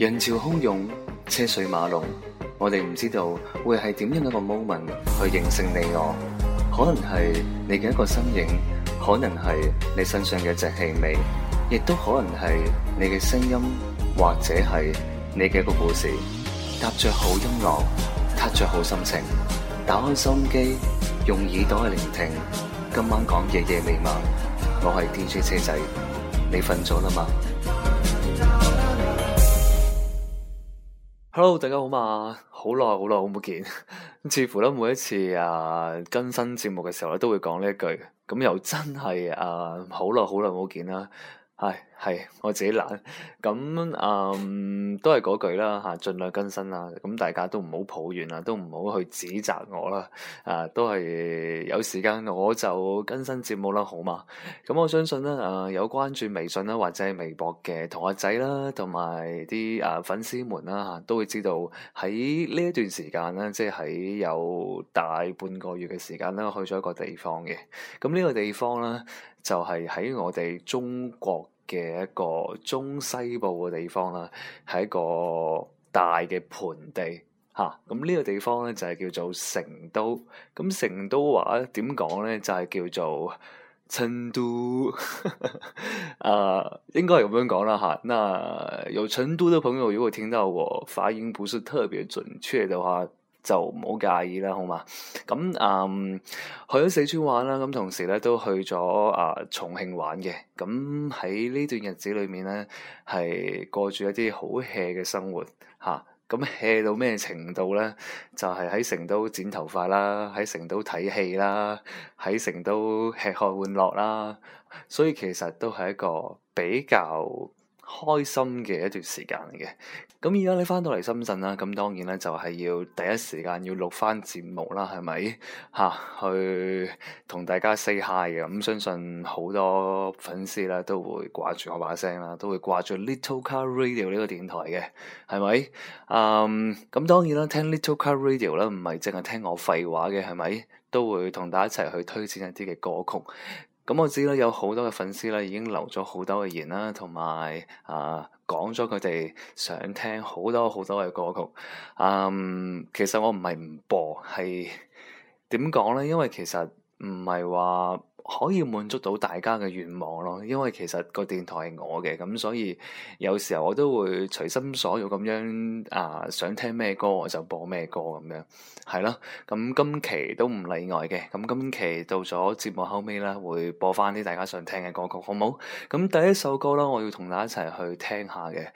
人潮洶湧，車水馬龍，我哋唔知道會係點樣一個 moment 去認識你我，可能係你嘅一個身影，可能係你身上嘅隻氣味，亦都可能係你嘅聲音，或者係你嘅一個故事。搭着好音樂，踏着好心情，打開收音機，用耳朵去聆聽。今晚講夜夜未晚，我係 DJ 車仔，你瞓咗啦嘛？Hello，大家好嘛，好耐好耐冇見， 似乎咧每一次啊更新節目嘅時候咧都會講呢一句，咁又真係啊好耐好耐冇見啦，係。係我自己懶咁，嗯，都係嗰句啦嚇，盡量更新啦。咁大家都唔好抱怨啊，都唔好去指責我啦。啊，都係有時間我就更新節目啦，好嘛？咁我相信咧，啊，有關注微信啦或者係微博嘅同學仔啦，同埋啲啊粉絲們啦，嚇，啊，都會知道喺呢一段時間咧，即係喺有大半個月嘅時間咧，去咗一個地方嘅。咁呢個地方咧就係喺我哋中國。嘅一個中西部嘅地方啦，係一個大嘅盆地嚇。咁、啊、呢、呢個地方咧就係叫做成都。咁成都話點講咧就係叫做成都。啊，就是、 啊應該係咁樣講啦嚇。那有成都嘅朋友如果聽到我發音不是特別準確嘅話，就唔好介意啦，好嘛？咁嗯，去咗四川玩啦，咁同時咧都去咗啊、呃、重慶玩嘅。咁喺呢段日子裏面咧，係過住一啲好 hea 嘅生活嚇。咁、啊、hea 到咩程度咧？就係、是、喺成都剪頭髮啦，喺成都睇戲啦，喺成都吃喝玩樂啦。所以其實都係一個比較開心嘅一段時間嚟嘅。咁而家你翻到嚟深圳啦，咁當然咧就係要第一時間要錄翻節目啦，係咪？吓，去同大家 say hi 嘅，咁相信好多粉絲咧都會掛住我把聲啦，都會掛住 Little Car Radio 呢個電台嘅，係咪？嗯，咁當然啦，聽 Little Car Radio 咧，唔係淨係聽我廢話嘅，係咪？都會同大家一齊去推薦一啲嘅歌曲。咁、嗯、我知咧有好多嘅粉絲咧已經留咗好多嘅言啦，同埋啊。講咗佢哋想聽好多好多嘅歌曲，嗯、um，其實我唔係唔播，係點講咧？因為其實唔係話。可以滿足到大家嘅願望咯，因為其實個電台係我嘅，咁所以有時候我都會隨心所欲咁樣啊、呃，想聽咩歌我就播咩歌咁樣，係咯，咁今期都唔例外嘅，咁今期到咗節目後尾呢，會播返啲大家想聽嘅歌曲，好唔好？咁第一首歌啦，我要同大家一齊去聽下嘅。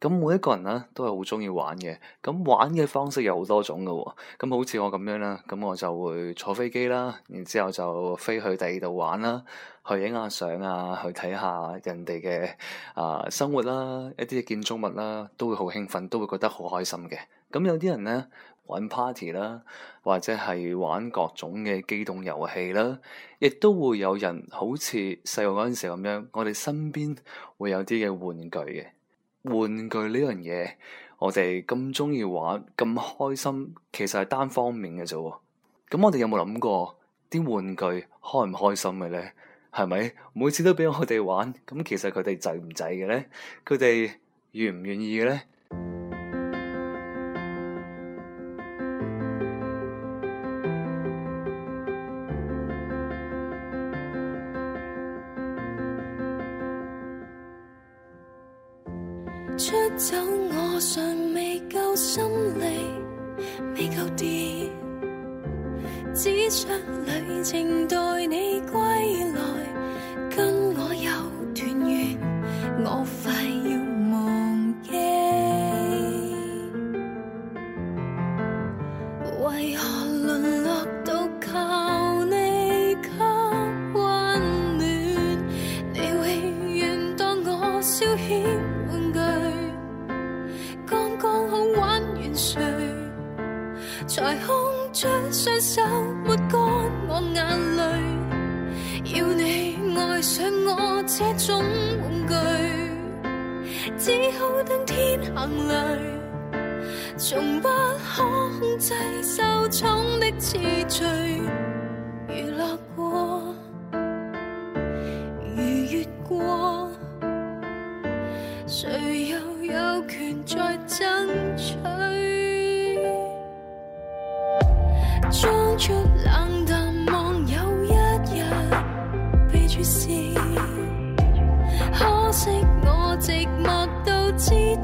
咁每一個人咧都係好鍾意玩嘅，咁玩嘅方式有好多種㗎喎。咁好似我咁樣啦，咁我就會坐飛機啦，然之後就飛去第二度玩啦，去影下相啊，去睇下人哋嘅啊生活啦，一啲嘅建築物啦，都會好興奮，都會覺得好開心嘅。咁有啲人咧玩 party 啦，或者係玩各種嘅機動遊戲啦，亦都會有人好似細個嗰陣時咁樣，我哋身邊會有啲嘅玩具嘅。玩具呢樣嘢，我哋咁中意玩，咁開心，其實係單方面嘅啫。咁我哋有冇諗過啲玩具開唔開心嘅咧？係咪每次都俾我哋玩？咁其實佢哋制唔制嘅咧？佢哋願唔願意嘅咧？我尚未夠心理，未夠電，只想旅程待你歸來，跟我有團圓，我快要。眼淚從不可控制，受寵的次序。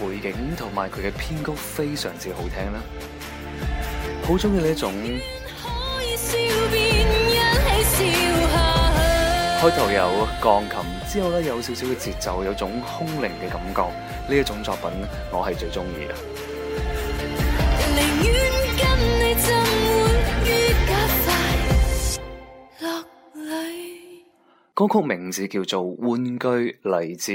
背景同埋佢嘅編曲非常之好聽啦，好中意呢一種。可以笑笑下。開頭有鋼琴，之後咧有少少嘅節奏，有種空靈嘅感覺。呢一種作品，我最，我係最中意啊！寧願跟你浸歡於假快樂裏。落。歌曲名字叫做《玩具》，嚟自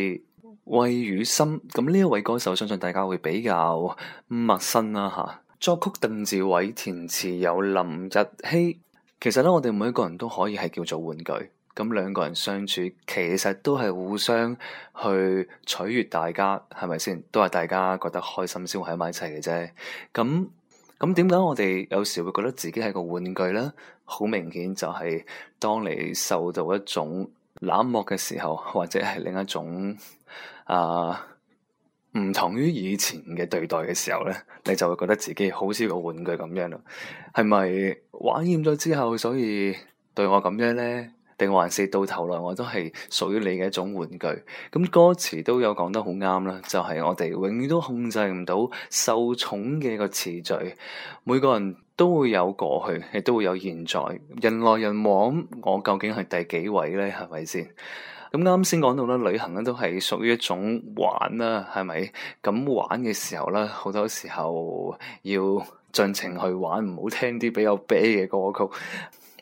魏雨心。咁呢一位歌手，相信大家會比較陌生啦、啊、吓。作曲鄧智偉，填詞有林日曦。其實咧，我哋每一個人都可以係叫做玩具。咁兩個人相處，其實都係互相去取悅大家，係咪先？都係大家覺得開心先會喺埋一齊嘅啫。咁咁點解我哋有時會覺得自己係個玩具呢？好明顯就係當你受到一種冷漠嘅時候，或者係另一種。啊，唔、uh, 同於以前嘅對待嘅時候呢，你就會覺得自己好似個玩具咁樣咯。係咪玩厭咗之後，所以對我咁樣呢？定還是到頭來我都係屬於你嘅一種玩具？咁歌詞都有講得好啱啦，就係、是、我哋永遠都控制唔到受寵嘅個詞序。每個人都會有過去，亦都會有現在。人來人往，我究竟係第幾位呢？係咪先？咁啱先講到咧，旅行咧都係屬於一種玩啦，係咪？咁玩嘅時候咧，好多時候要盡情去玩，唔好聽啲比較悲嘅歌曲。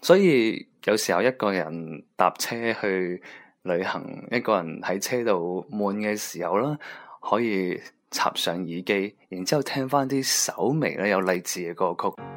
所以有時候一個人搭車去旅行，一個人喺車度悶嘅時候咧，可以插上耳機，然之後聽翻啲稍微咧有勵志嘅歌曲。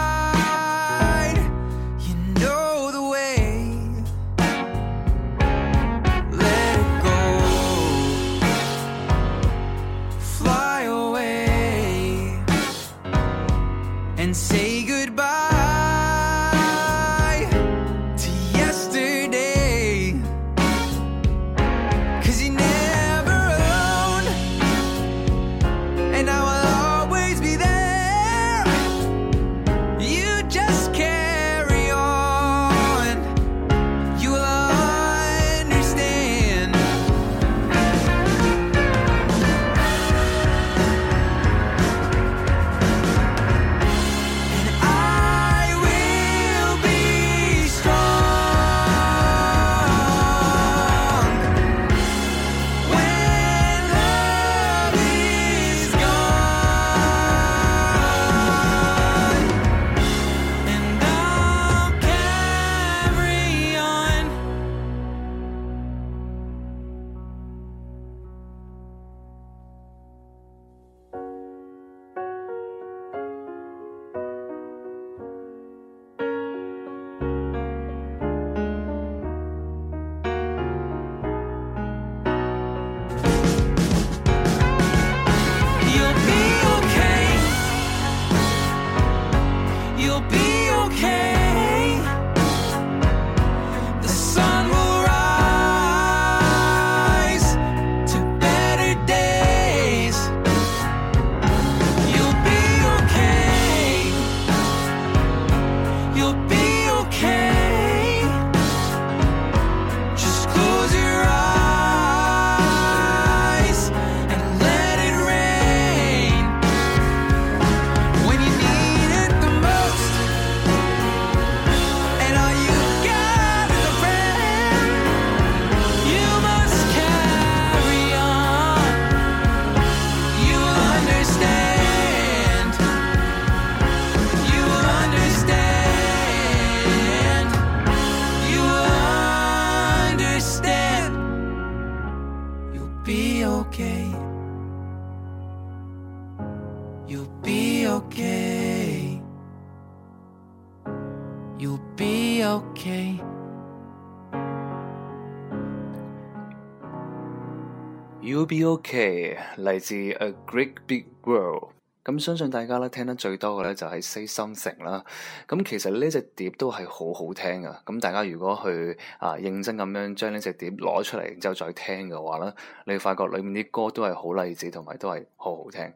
Be okay 嚟自 A Great Big World，咁相信大家咧聽得最多嘅咧就係 Say Something 啦，咁其實呢隻碟都係好好聽噶，咁大家如果去啊認真咁樣將呢隻碟攞出嚟，然之後再聽嘅話咧，你會發覺裏面啲歌都係好勵志，同埋都係好好聽。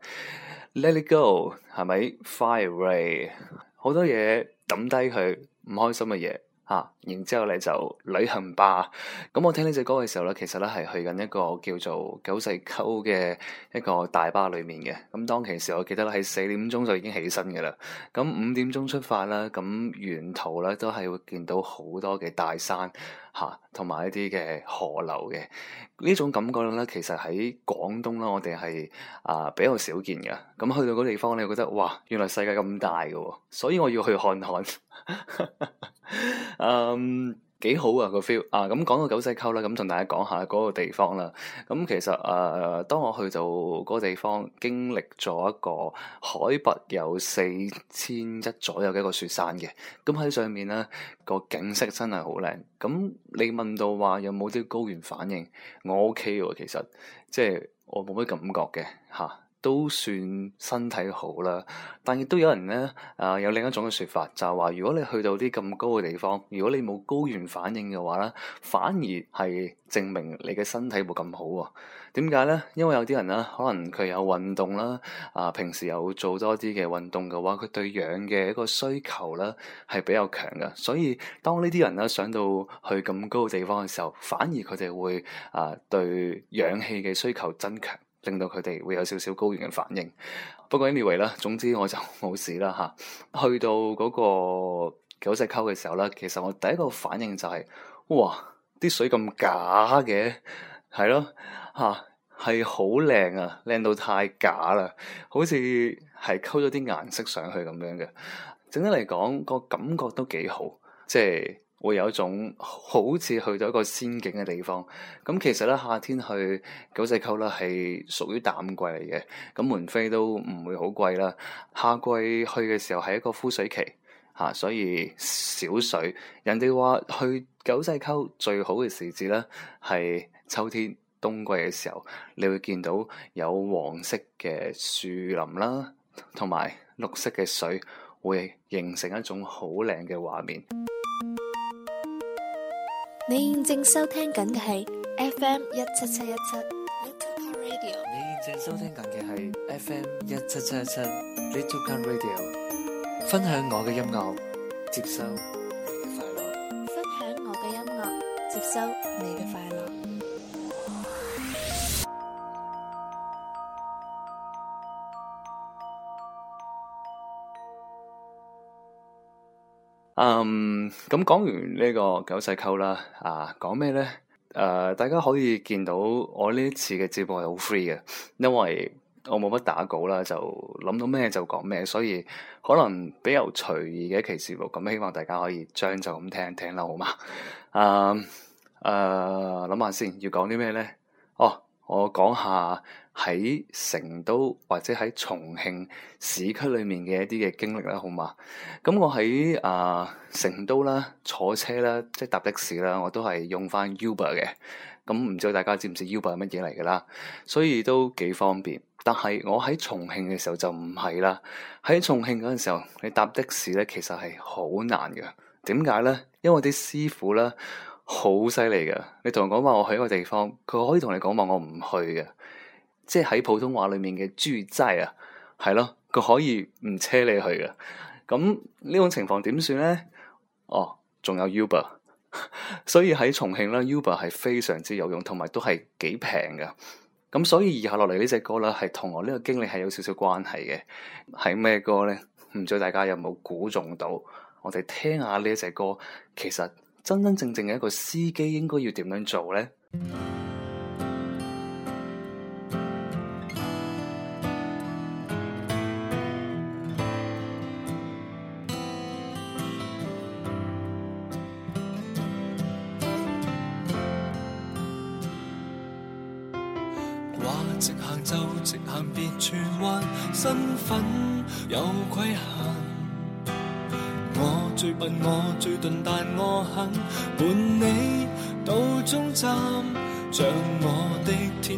Let it go 係咪 Fire Away？好多嘢抌低佢唔開心嘅嘢。啊！然之後咧就旅行吧。咁我聽呢隻歌嘅時候咧，其實咧係去緊一個叫做九寨溝嘅一個大巴裏面嘅。咁當其時我記得咧喺四點鐘就已經起身嘅啦。咁五點鐘出發啦。咁沿途咧都係會見到好多嘅大山。同埋一啲嘅河流嘅呢種感覺咧，其實喺廣東啦，我哋係啊比較少見嘅。咁去到嗰地方，你會覺得哇，原來世界咁大嘅喎，所以我要去看看。 um, 幾好啊個 feel 啊！咁、嗯、講到九寨溝啦，咁、嗯、同大家講下嗰個地方啦。咁、嗯、其實誒、呃，當我去到嗰個地方，經歷咗一個海拔有四千一左右嘅一個雪山嘅，咁、嗯、喺上面咧，個景色真係好靚。咁、嗯、你問到話有冇啲高原反應，我 OK 喎，其實即係我冇乜感覺嘅吓。都算身體好啦，但亦都有人呢，啊有另一種嘅説法，就係話如果你去到啲咁高嘅地方，如果你冇高原反應嘅話呢，反而係證明你嘅身體冇咁好喎。點解呢？因為有啲人呢，可能佢有運動啦，啊平時有做多啲嘅運動嘅話，佢對氧嘅一個需求呢係比較強嘅，所以當呢啲人呢，上到去咁高嘅地方嘅時候，反而佢哋會啊對氧氣嘅需求增強。令到佢哋會有少少高原嘅反應，不過 anyway 啦，總之我就冇事啦吓、啊，去到嗰個九寨溝嘅時候咧，其實我第一個反應就係哇，啲水咁假嘅，係咯吓，係好靚啊，靚到、啊、太假啦，好似係溝咗啲顏色上去咁樣嘅。整體嚟講個感覺都幾好，即係。會有一種好似去到一個仙境嘅地方。咁其實咧，夏天去九寨溝咧係屬於淡季嚟嘅，咁門飛都唔會好貴啦。夏季去嘅時候係一個枯水期，吓、啊，所以少水。人哋話去九寨溝最好嘅時節咧係秋天冬季嘅時候，你會見到有黃色嘅樹林啦，同埋綠色嘅水，會形成一種好靚嘅畫面。你現正收聽緊嘅係 FM 一七七一七 Little Card Radio，你現正收聽緊嘅係 FM 一七七一七 Little Card Radio，分享我嘅音樂接收你嘅快樂，分享我嘅音樂接收你嘅快樂。Um, 嗯，咁講完呢個九世溝啦，啊，講咩咧？誒、啊，大家可以見到我呢次嘅節目係好 free 嘅，因為我冇乜打稿啦，就諗到咩就講咩，所以可能比較隨意嘅一期節目，咁、嗯、希望大家可以將就咁聽聽啦，好嘛？嗯、啊，誒、啊，諗下先，要講啲咩咧？哦、啊，我講下。喺成都或者喺重慶市區裏面嘅一啲嘅經歷啦，好嘛？咁我喺啊、呃、成都啦，坐車啦，即係搭的士啦，我都係用翻 Uber 嘅。咁、嗯、唔知道大家知唔知 Uber 係乜嘢嚟噶啦？所以都幾方便。但係我喺重慶嘅時候就唔係啦。喺重慶嗰陣時候，你搭的士咧，其實係好難嘅。點解咧？因為啲師傅咧好犀利嘅。你同我講話我去一個地方，佢可以同你講話我唔去嘅。即係喺普通話裏面嘅豬仔啊，係咯，佢可以唔車你去嘅。咁呢種情況點算呢？哦，仲有 Uber， 所以喺重慶啦 Uber 係非常之有用，同埋都係幾平嘅。咁所以以下落嚟呢隻歌咧，係同我呢個經歷係有少少關係嘅。係咩歌呢？唔知大家有冇估中到？我哋聽一下呢隻歌，其實真真正正嘅一個司機應該要點樣做呢？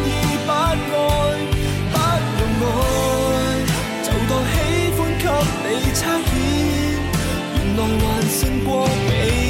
已不愛，不用愛，就當喜歡給你差遣，原來還勝過被。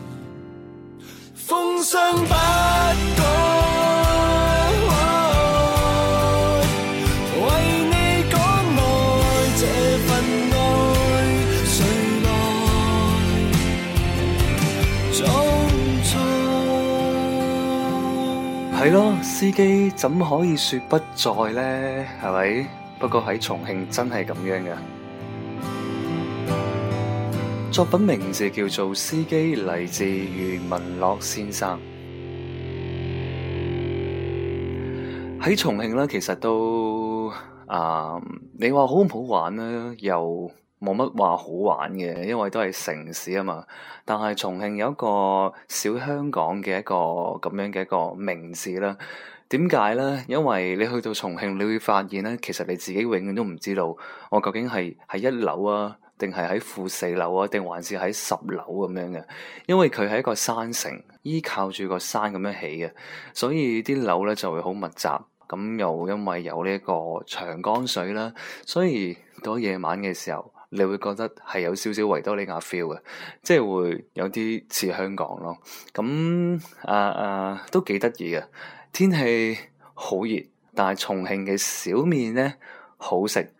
風霜不改，哦、為你係咯， 司機怎可以說不在呢？係咪？不過喺重慶真係咁樣噶。作品名字叫做《司機》，嚟自余文樂先生。喺 重慶呢，其實都啊，你話好唔好玩呢？又冇乜話好玩嘅，因為都係城市啊嘛。但係重慶有一個小香港嘅一個咁樣嘅一個名字啦。點解呢？因為你去到重慶，你會發現呢，其實你自己永遠都唔知道，我究竟係喺一樓啊。定係喺負四樓啊，定還是喺十樓咁樣嘅？因為佢係一個山城，依靠住個山咁樣起嘅，所以啲樓咧就會好密集。咁又因為有呢一個長江水啦、啊，所以到夜晚嘅時候，你會覺得係有少少維多利亞 feel 嘅，即係會有啲似香港咯。咁啊啊，都幾得意嘅。天氣好熱，但係重慶嘅小麵咧好食。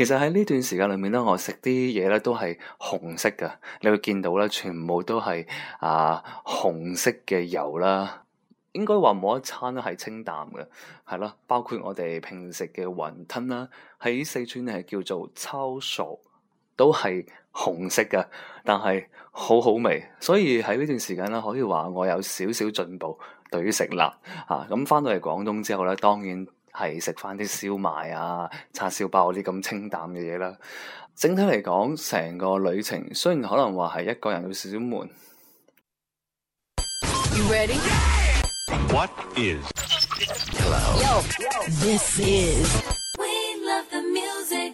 其實喺呢段時間裏面咧，我食啲嘢咧都係紅色嘅，你會見到咧，全部都係啊、呃、紅色嘅油啦，應該話冇一餐咧係清淡嘅，係咯，包括我哋平時食嘅雲吞啦，喺四川係叫做抄熟，都係紅色嘅，但係好好味，所以喺呢段時間咧可以話我有少少進步對於食辣，嚇、啊，咁翻到嚟廣東之後咧，當然。係食翻啲燒賣啊、叉燒包啲咁清淡嘅嘢啦。整體嚟講，成個旅程雖然可能話係一個人有少少悶。You ready? What is... Hello? This is... We love the music.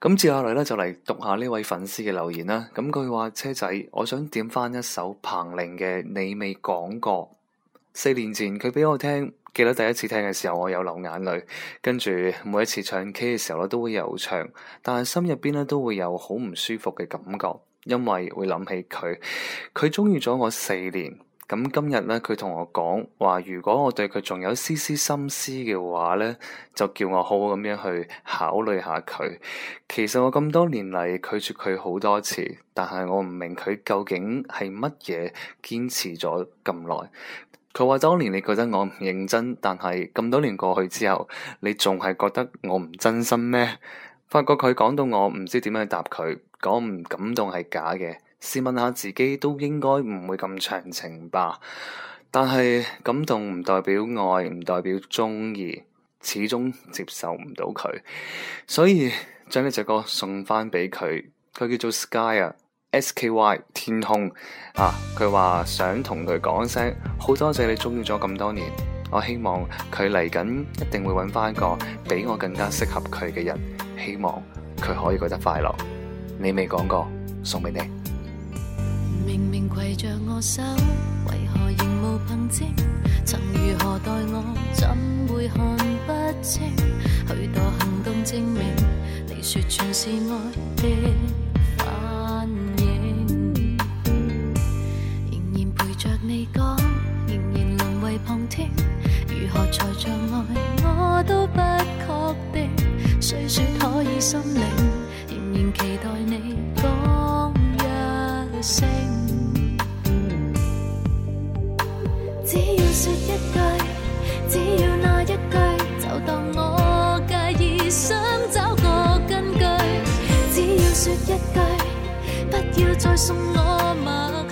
咁、嗯、接下嚟咧，就嚟讀下呢位粉絲嘅留言啦。咁佢話：車仔，我想點翻一首彭羚嘅《你未講過》，四年前佢俾我聽。記得第一次聽嘅時候，我有流眼淚。跟住每一次唱 K 嘅時候咧，都會有唱，但係心入邊咧都會有好唔舒服嘅感覺，因為會諗起佢。佢鍾意咗我四年，咁今日咧佢同我講話，如果我對佢仲有絲絲心思嘅話咧，就叫我好好咁樣去考慮下佢。其實我咁多年嚟拒絕佢好多次，但係我唔明佢究竟係乜嘢堅持咗咁耐。佢話當年你覺得我唔認真，但係咁多年過去之後，你仲係覺得我唔真心咩？發覺佢講到我唔知點樣答佢，講唔感動係假嘅。試問下自己，都應該唔會咁長情吧？但係感動唔代表愛，唔代表鍾意，始終接受唔到佢，所以將呢隻歌送返畀佢，佢叫做 Sky 啊。S K Y 天空啊，佢話想同佢講一聲，好多謝你中意咗咁多年，我希望佢嚟緊一定會揾翻一個比我更加適合佢嘅人，希望佢可以過得快樂。你未講過，送俾你。明明攜着我手，為何仍無憑證？曾如何待我，怎會看不清？許多行動證明，你說全是愛的着你講，仍然淪為旁聽。如何才像愛，我都不確定。雖說可以心領，仍然期待你講一聲。只要說一句，只要那一句，就當我介意，想找個根據。只要說一句，不要再送我默。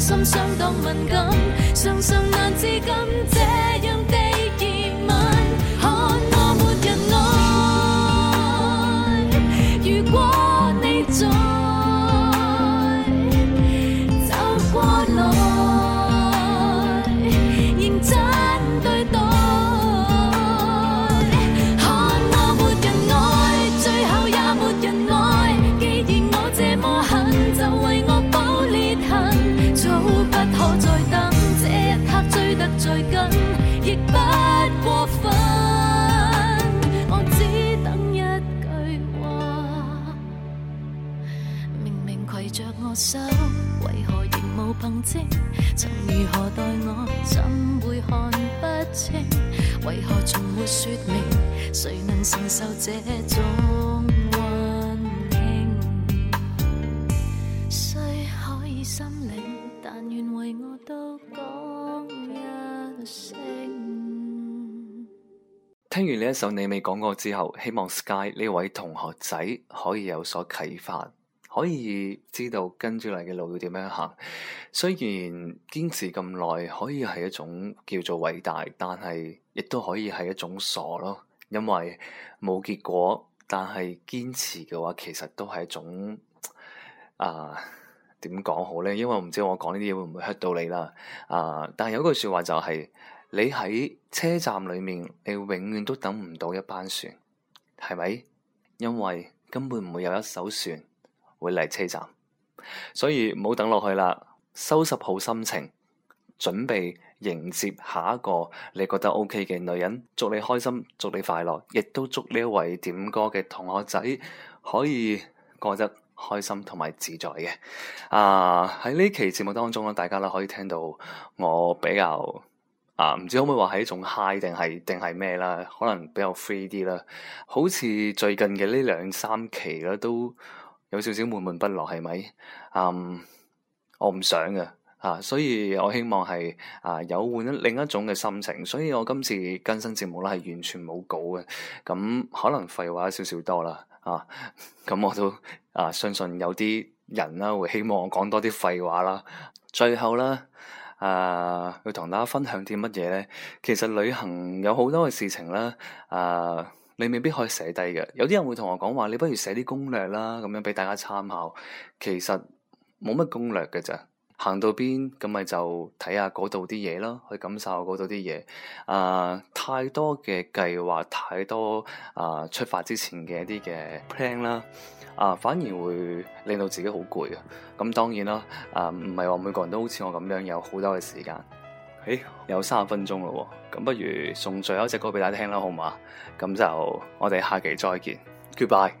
心相當敏感，常常難自禁這樣的。誰能承受這種溫馨，誰可以心領，但願為我都講一聲。聽完呢一首你未講過之後，希望 Sky 呢位同學仔可以有所啟發。可以知道跟住嚟嘅路要點樣行，雖然堅持咁耐可以係一種叫做偉大，但係亦都可以係一種傻咯，因為冇結果。但係堅持嘅話，其實都係一種啊，點、呃、講好咧？因為我唔知我講呢啲嘢會唔會 hurt 到你啦啊、呃！但係有句説話就係、是、你喺車站裏面，你永遠都等唔到一班船，係咪？因為根本唔會有一艘船。會嚟車站，所以唔好等落去啦。收拾好心情，準備迎接下一個你覺得 OK 嘅女人。祝你開心，祝你快樂，亦都祝呢一位點歌嘅同學仔可以過得開心同埋自在嘅。啊，喺呢期節目當中咧，大家咧可以聽到我比較啊，唔知可唔可以話係一種 high 定係定係咩啦？可能比較 free 啲啦，好似最近嘅呢兩三期咧都。有少少悶悶不樂，係咪？嗯、um，我唔想嘅啊，所以我希望係啊有換一另一種嘅心情，所以我今次更新節目咧係完全冇稿嘅，咁、啊、可能廢話少少多啦啊，咁我都啊相信有啲人啦會希望我講多啲廢話啦、啊。最後啦，啊，要同大家分享啲乜嘢咧？其實旅行有好多嘅事情啦。啊。你未必可以寫低嘅，有啲人會同我講話，你不如寫啲攻略啦，咁樣俾大家參考。其實冇乜攻略嘅咋，行到邊咁咪就睇下嗰度啲嘢咯，去感受嗰度啲嘢。啊、呃，太多嘅計劃，太多啊、呃、出發之前嘅一啲嘅 plan 啦、呃，啊反而會令到自己好攰啊。咁當然啦，啊唔係話每個人都好似我咁樣有好多嘅時間。欸，有三十分鐘咯，咁不如送最後一隻歌俾大家聽啦，好嘛？咁就我哋下期再見，Goodbye。